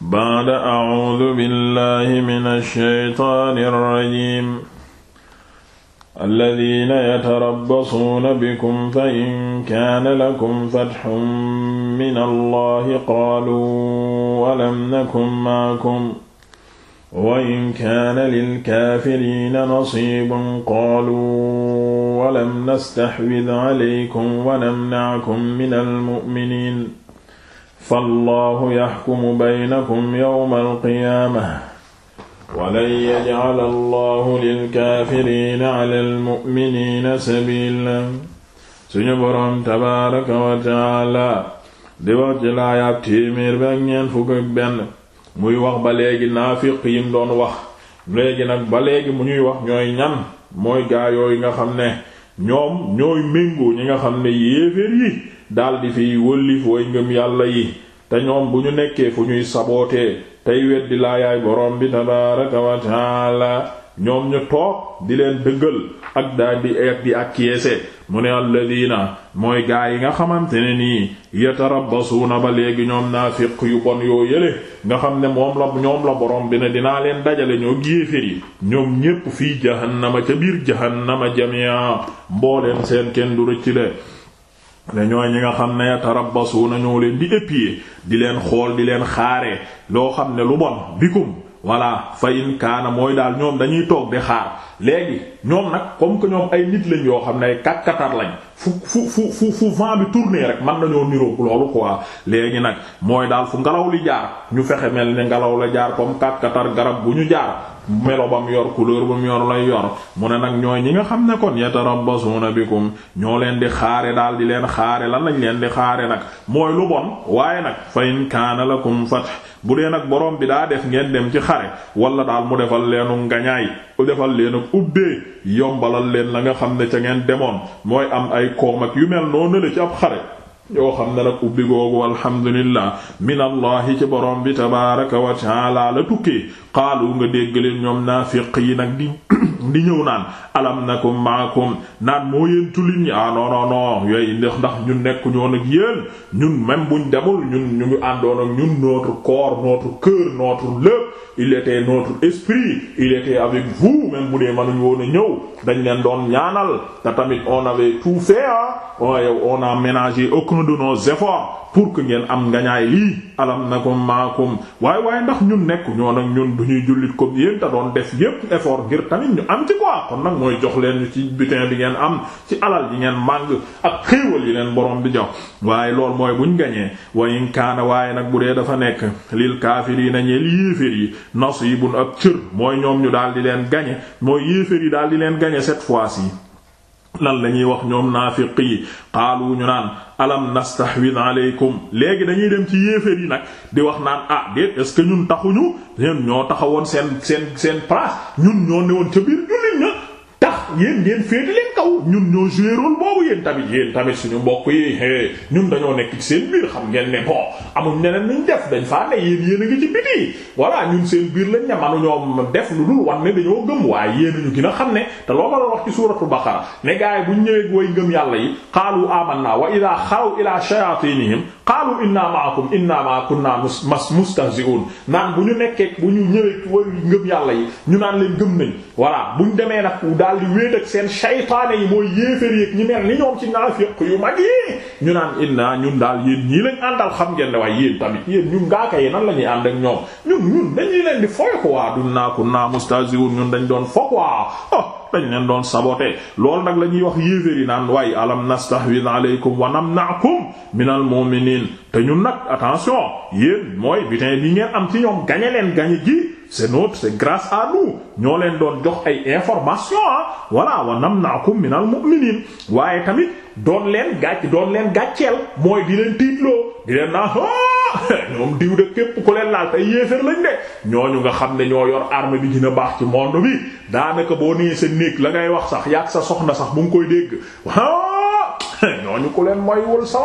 baada acuudu billahi min alsheytaani alrajim alladina yatarabbasuuna bikum fa in kaana lakum fatxun min allahi qaaluu walam nakun maakum wa in kaana lilkaafiriina nasiibun qaaluu walam nastaxwid calaykum wa namnakum min almu'miniin fallaahu yaxkumu baynakum yawmal qiyaama walan yajcal allahu lilkaafirina bi ak ñeent fukk ak benn muy wax ba léegi naafiq yi doon wax léegi nag ba léegi mu ñuy wax ñooy ñan mooy gaayoo yi nga xam ne ñoom ñooy méngoo ñi nga xam ne yéeféer yi daldi fiy wóllif way ngëm yàlla yi te ñoom bu ñu nekkee fu ñuy sabootee tey weddi laayaay borom bi tabaaraka wa taala ñoom ñu toog di leen dëggal ak daal di ak di akkiyeese mu ne alladina mooy gaa yi nga xamante ne nii yatarabbasuuna ba léegi ñoom naafiq yu bon yoo yële nga xam ne moom la ñoom la borom bi ne dinaa leen dajale ñoo géefér yi ñoom ñépp fii jahannama ca biir jahannama jamia mbooleen seen kenn du rëcc le ne ñooy ñi nga xam ne yatarabasuuna ñoo leen di yi di leen xool di leen xaare loo xam ne lu bon bikum voilà fa kaana mooy daal ñoom dañuy toog di xaar léegi ñoom nag comme que ñoom ay nit lañ yoo xam ne ay katkatar lañ fu fu fu fu vent bi tourné rek mën nañoo niroog loolu quoi léegi nag mooy daal fu ngelaw li jaar ñu fexe mel ne ngelaw la jaar comme katkatar garab bu ñu jaar melo ba mu yor couleur ba mu yor lay yor mu ne nag ñooy ñi nga xam ne ko kon yatarabbasuna bikum ñoo leen di xaare daal di leen xaare lan lañ leen di xaare nag mooy lu bon waaye nag fa in kaana lakum fath bu dee nag borom bi daa def ngeen dem ci xare wala daal mu defal leenu ngañaay defal leen ak ubbee yombalal leen la nga xam ne ca ngeen demoon mooy am ay koom ak yu mel noonu la ci ab xare yoo xam ne nag ubbi googu alhamdulillah min allahi ci borom bi tabaaraka wa taala la tukkee xaalu nga dégg leen ñoom naafiq yi nag di di ñëw naan alam nakum maakum naan moo yéen tullit ñi ah non non ndax ndax ñun nekk ñoo nag yéen ñun même buñ demul ñun ñu ngi àndoon ak ñun notre corps notre cœur notre lépp il était notre esprit il avec vous même bu dee mënuñ woon ñëw dañ leen doon ñaanal te tamit on avait tout fait ah waaye on a ménagé aucun de nos efforts pour que ngeen am ngañaay lii alam nakum maakum waaye waaye ndax ñun nekku ñoo nag ñun du ñuy jullit comme yéen te doon def yépp effort ngir tamit ñu am ci quoi kon nag mooy jox leen ñu ci butin bi ngeen am ci alal yi ngeen màng ak xéewal yi leen borom bi jox waaye loolu mooy buñ gañee wa in kaana waaye nag bu dee dafa nekk lil kaafiriina ñeel yéeféer yi nasibun ab cër mooy ñoom ñu daal di leen gañe mooy yéeféer yi daal di leen gañe cette fois yi lan la ñuy wax ñoom naafiq yi qaalu ñu naan alam nastahwid aleykum léegi dañuy dem ci yéeféer yi nag di wax naan ah déet est ñun taxuñu ñun ñoo taxawoon seen seen seen place ñun ñoo newoon ca biir jullit ña tax yéen ngeen féetale ñun ñoo joué boobu yéen tamit yéen tamit suñu mbokk yi ñun dañoo nekk ci seen biir xam ngeen ne bon amuñ neneen nañ def dañ faa ne yéen yéen a ngi ci biti voilà ñun seen biir lañ ne manuñoo def lu dul wan ne dañoo gëm waaye yéen ñu gën xam ne te loo ma la wax ci suuratu baqara ne gaay bu ñu ñëwee way ngëm yàlla yi qaalu amanna wa idha xalaw ila shayatinihim qaalu inna ma'akum inna ma kunna mas mustahzi'un naan bu ñu nekkee bu ñu ñëwee war ngëm yàlla yi ñu naan leen gëm nañ voilà bu ñu demee nag daal di wéet seen shaytaane yi mooy yéefar yéeg ñi mel ni ñoom ci naafiq yu mag yi ñu naan inna ñun daal yéen ñii lañ àndal xam ngeen ne waaye yéen tamit yéen ñun ngaaka yi nan la ñuy ànd ak ñoom ñun ñun dañuy leen di foy ko waa du naa kunna ñun dañ doon fo quoi oh, dañ leen doon saboté loolu nag la ñuy wax yéeféer yi naan waaye alam nastahwid aleykum wa namna'kum minal mu'minin te ñun nag attention yéen mooy butin bi ngeen am ci ñoom gañe leen gañe gi se notre c'est grâce à nous ñoo leen doon jox ay information ah voilà wa namna'kum minal mu'minin waaye tamit doon leen gàcc doon leen gàcceel mooy di leen tiitloo di leen naa ñoom diw de képp ku leen laal tey yéeféer lañ de ñooñu nga xam ne ñoo yor arme bi dina baax ci monde bi daanaka boo nee sa néeg la ngay wax sax yàgg sa soxna sax bu ngi koy dégg waaw ñooñu ku leen mooy wul sa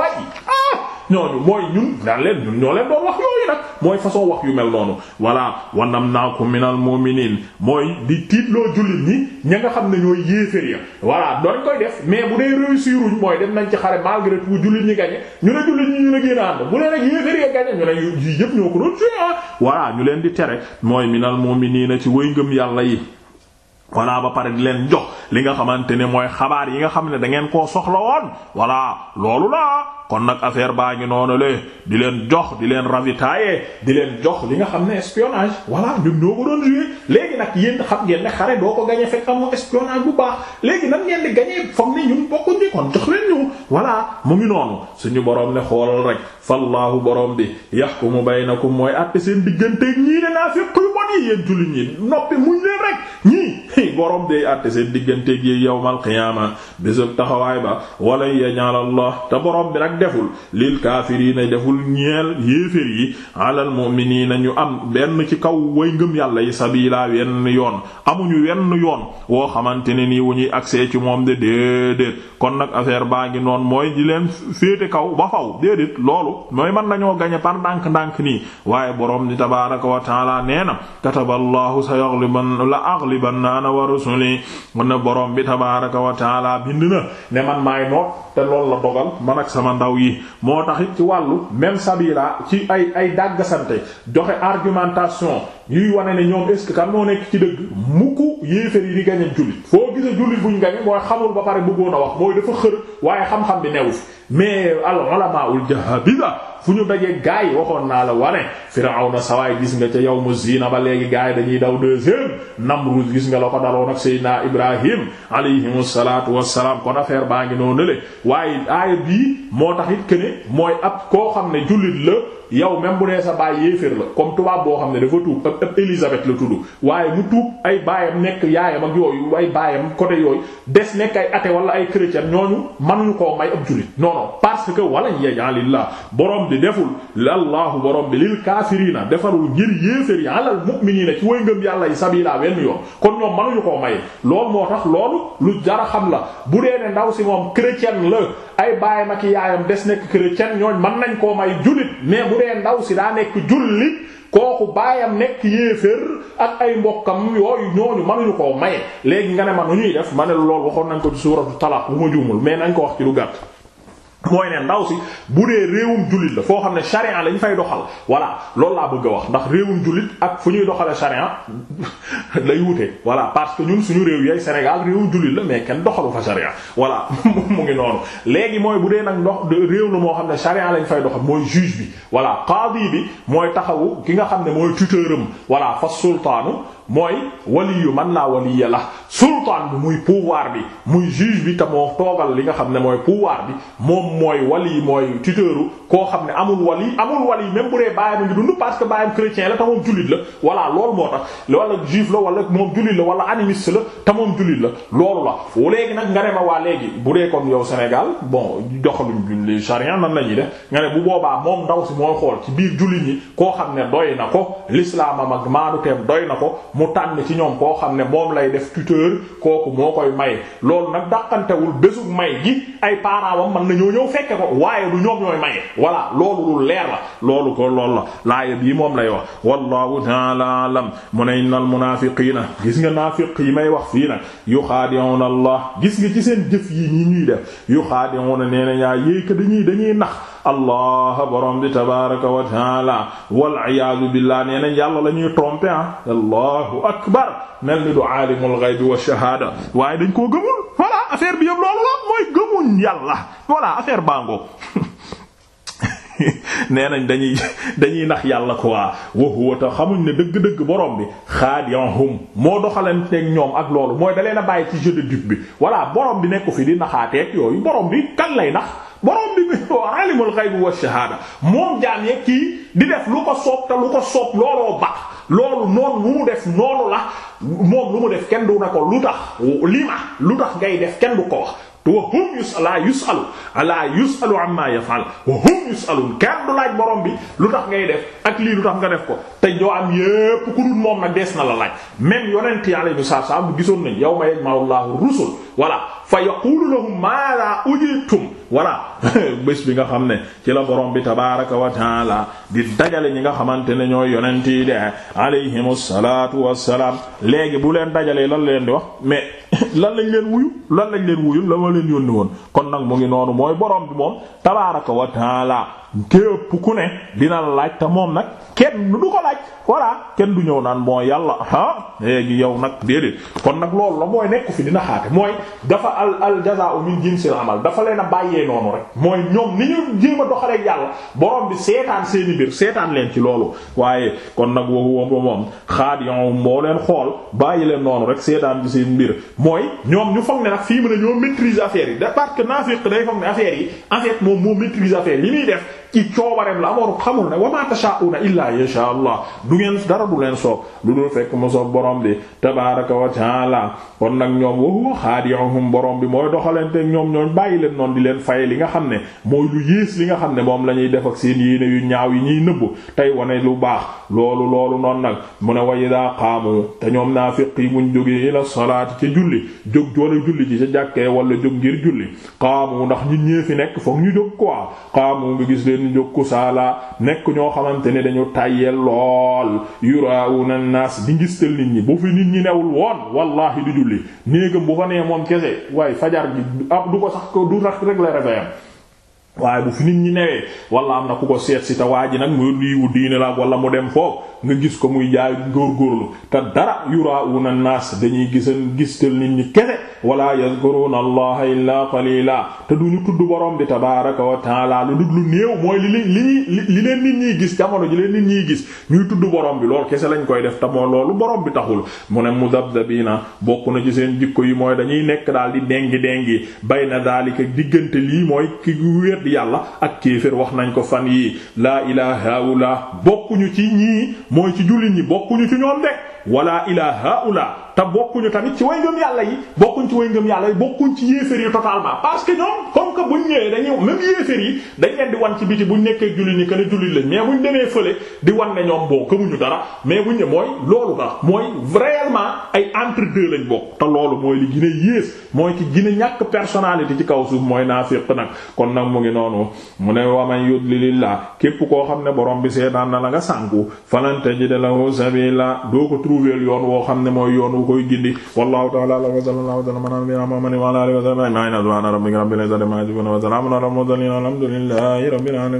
ñooñu mooy ñun daan leen ñun ñoo leen doon wax yooyu nag mooy façon wax yu mel noonu voilà wanam naaku minal mu'minin mooy di tiitloo jullit ñi ña nga xam ne ñooy yéefér ya voilà doon koy def mais bu dee réussir wuñ mooy dem nañ ci xare malgré tout jullit ñi gañe ñu ne jullit ñi ñu ne génn bu leen ak yéefér ya gañe ñu ne yi yëpp ñoo ko doon tua ah. voilà ñu leen di tere mooy minal mu'minina ci way ngëm yàlla yi voilà ba pare di leen jox li nga xamante ne mooy xabaar yi nga xam ne da koo soxla kon nag affaire baa ngi noonu le di leen jox di leen ravitailler di leen jox li nga xam ne espionnage voilà ñun ñoo ko doon jouer léegi nag yéen xam ngeen xare doo ko gañe fekk amoo espionnage bu baax léegi nag ngeen di gañee foog ne ñun bokkuñ ni kon jox leen ñu voilà mu ngi noonu suñu borom ne xoolal rek fallaahu borom bi yahkumu baynakum mooy àtte seen diggante ñii ne naa fekk yu bon yi yéen jullit ñi noppi muñ leen rek ñii borom day àtte diggante gi yawmal qiyaama bésub taxawaay ba wala yaj'alallah te borom bi nag deful lil kaafiriina deful ñeel yéefér yi alal mu'miniina ñu am benn ci kaw way ngëm yàlla yi sabiila wenn yoon amuñu wenn yoon woo xamante ne nii wu ñuy accès ci moom de déedéet kon nag affaire baa ngi noonu mooy di leen féete kaw ba faw déedéet loolu mooy mën nañoo gañe par ndànk-ndànk nii waaye boroom di tabaaraka wa taala nee na kataballaahu sayaghliban la aghlibanna ana wa rusuli na boroom bi tabaaraka wa taala bind na ne man maay noot te la dogal man ak ndaw yi moo tax it ci wàllu même sabila ci ay ay dàggasante joxe argumentation yuy wane ne ñoom est-ce moo nekk ci dëgg mukku yéefér yi di gañe jullit foo gise jullit buñ gañe mooy xamul ba pare bëggoon a wax mooy dafa xër waaye xam-xam bi newu fi mais al ulama ul jahabida fu ñu dajee gaay yi waxoon naa la wane Firawna sawaay gis nga ca yawmu zina ba léegi gaay dañuy daw deuxième Namrud gis nga la ko daloon ak Seydina Ibrahim alayhimu salaatu wassalaam kon affaire baa ngi noonu le waaye tax it que ne mooy ab koo xam ne jullit la yow même bu dee sa baay yéeféer la comme tubaab boo xam ne dafa tuub ab ab Élisabeth la tudd waaye mu tuub ay baayam nekk yaayam ak yooyu ay baayam côté yooyu des nekk ay athée wala ay chrétien ñooñu mënuñu koo may ab jullit parce que wala yaj'alillah borom bi deful lallaahu borom bi lil kaafiriina defarul ngir yéeféer yi alal mu'miniina ci way ngëm yàlla yi sabiila wenn yoon kon ñoom mënuñu koo may loolu moo tax loolu xam la bu dee ndaw si moom chrétien la ay baayam ak yaayam des nekk chrétien ñooñ mën nañ koo may jullit mais dee ndaw si daa nekk jullit kooku baayam nekk yéeféer ak ay mbokkam yooyu ñooñu mënuñu koo maye léegi nga ne ma nu ñuy def ma ne loolu waxoon nañ ko di suuratu talaq bu ma juumul mais nañ ko wax ci lu gàtt mooy ne ndaw si bu dee réewum jullit la foo xam ne sharia lañ fay doxal voilà loolu laa bëgg a wax ndax réewum jullit ak fu ñuy doxale sharia lay wute voilà parce que ñun suñu réew yay Sénégal réewum jullit la mais kenn doxalu fa sharia voilà mu ngi noonu léegi mooy bu dee nag dox réew la moo xam ne sharia lañ fay doxal mooy juge bi voilà qadi bi mooy taxawu ki nga xam ne mooy tuteuram voilà fa sultaanu mooy waliyu man laa waliya la sultaan bi muy pouvoir bi muy juge bi tamoo moo toogal li nga xam ne mooy pouvoir bi moom mooy wali mooy tuteuru koo xam ne amul wali amul wali même bu dee baayam ngi dund parce que baayam chrétien la te moom la voilà loolu moo tax wala juif la wala moom jullit la wala animiste la te moom jullit la loolu la leegi nag nga ne ma waa léegi bu dee comme yow Sénégal bon doxaluñ julli charia na la ñuy nga ne bu boobaa moom ndaw si mooy xool ci biir jullit ñi koo xam ne doy na ko l'islam am ak maanu teem na ko mu tànn ci ñoom koo xam ne moom lay def tuteur kooku moo koy may loolu nag dàqantewul bésug may gi ay parents man na ñoo ñëw fekke ko waaye du ñoom ñooy maye voilà loolu lu leer la loolu ko lool la laaya bii moom lay wax wallahu ta'ala alam mu ne innal munaafiqiina gis nga naafiq yi may wax fii nag yuxaadi'una allah gis nga ci seen jëf yi nii ñuy def yuxaadi'una nee na yaa yéeg dañuy dañuy nax allah borom bi tabaraka wa taala wal iyaadu billah nee nañ yàlla la ñuy tromper ah allahu akbar mel ni du aalimul ghaybi wa shahaada waaye dañ koo gëmul voilà affaire bi yëpp loolu la mooy gëmuñ yàlla voilà affaire bango nee nañ dañuy dañuy nax yàlla quoi waa waxuwa xamuñ ne dëgg-dëgg borom bi xaadi'ahum moo doxaleen ñoom ak loolu mooy da leen bàyyi ci jeu de dupe bi voilà borom bi nekku fi di naxaateeg yooyu borom bi kan lay nax borom bi muy alimul ghaybi wa shahada moom jaam yeeg kii di def lu ko soob te lu ko soob looloo baax loolu noonu lu mu def noonu la moom lu mu def kenn du na ko lu tax li ma lu tax ngay def kenn du ko wax wa hum yus la yusalu ala yusalu amma laaj borom bi lu tax ngay def ak lii lu tax nga def ko te doo am yépp ku dul moom nag dees na la laaj même yonent yi alayhi salaam bu gisoon nañ yawma yajma'u Allahu rusul voilà fa yaqulu lahum maada ujitum voilà bés bi nga xam ne ci la borom bi tabaraka wa taala di dajale ñi nga xamante ne ñooy yonent yi de alayhimu salaatu salaam léegi bu leen dajalee lan leen di wax mais lan lañ leen wuyu lan lañ leen wuyu la ma leen yónni woon kon nag mu ngi noonu mooy borom bi moom tabaraka wa taala képp ku ne dina la laaj te moom nag kenn du ko laaj voilà kenn du ñëw naan bon yàlla ah léegi yow nag déedéet kon nag loolu la mooy nekku fi dina xaate mooy dafa al al jazaa'u min jinsil amal dafa leen a bàyyee noonu rek mooy ñoom ni ñu jéem a doxalee yàlla borom bi seetaan seeni biir seetaan leen ci loolu waaye kon nag waxuwa ba moom xaat xaadion boo leen xool bàyyi leen noonu rek seetaan ci seen mbir mooy ñoom ñu foog ne nag fii mu ne ñoo maîtrise yi da parce que naafiq affaire yi en fait moom yi li def ci coobareem la amoon xamul ne wa ma tashaauna illaa yasha allah du ngeen dara du leen soob lu dul fekk mu soob borom bi tabaaraka wa kon nag ñoom wa huwa xaadi'uhum borom bi mooy doxalante ñoom ñooñ bàyyi leen noon di leen fay li nga xam ne mooy lu yées li nga xam ne moom la ñuy def ak seen yéene yu ñaaw yi ñuy nëbbu tey wane lu baax loolu loolu noon nag mu ne wa idaa qaamu te ñoom naafiq yi buñ jógee ila salaati ci julli jóg wala julli ci ca jàkkee wala jóg ngir julli qaamu ndax ñun ñee fi ñu kusaala nekk ñoo xamante ne dañu tàyyeel lool yuraawuna naas di ngistal nit ñi bu fi nit ñi newul woon wallahi du julli néegam bu fa nee moom kese waaye fajar gi ab du ko sax ko du sax rek la réveillam waaye bu fi nit ñi newee wala am na ku ko seet si te waa ji nag mu liiwu diine la wala mu dem foofu nga gis ko muy jaay góorgóorlu te dara yuraawuna naas dañuy gisal gistal nit ñi kese wala yazkuruna allaha illaa qalila te ñu tudd borom bi tabaraka wa taala lu dul lu néew mooy li li li li leen nit ñiy gis jamono ji leen nit ñiy gis ñuy tudd borom bi lool kese lañ koy def te moo loolu borom bi taxul mu ne mudabdabina bokk na ci seen jikko yi mooy dañuy nekk daal di dengi dengi bay na daalika diggante lii mooy ki wéet yàlla ak kéefér wax nañ ko fan yi laa ilaha ula bokkuñu ci ñii mooy ci jullit ñi bokkuñu ci ñoom de wala ilaha ula tamit ci way bokkuñ ci way ngëm yàlla bokkuñ ci nga buñ ñëwee dañuy même yéefér yi dañ leen di wan ci biti buñ nekkee jullit ni que ne jullit lañ mais buñ demee fële di wan ne ñoom boo gëmuñu dara mais buñ ne mooy loolu la mooy réellement ay entre deux lañ bokk te loolu mooy li gën a yées mooy ki gën a ñàkk personnalité ci kaw suuf mooy naafiq nag kon nag mu ngi noonu mu ne waman yudlilillah képp koo xam ne borom bi seetaan na la nga sànku falan tajida lahu sabila doo ko trouver yoon woo xam ne mooy yoon wu koy gindi wallahu ta'ala wa sallallahu alayhi wa sallam subhaanaka wa ta'ala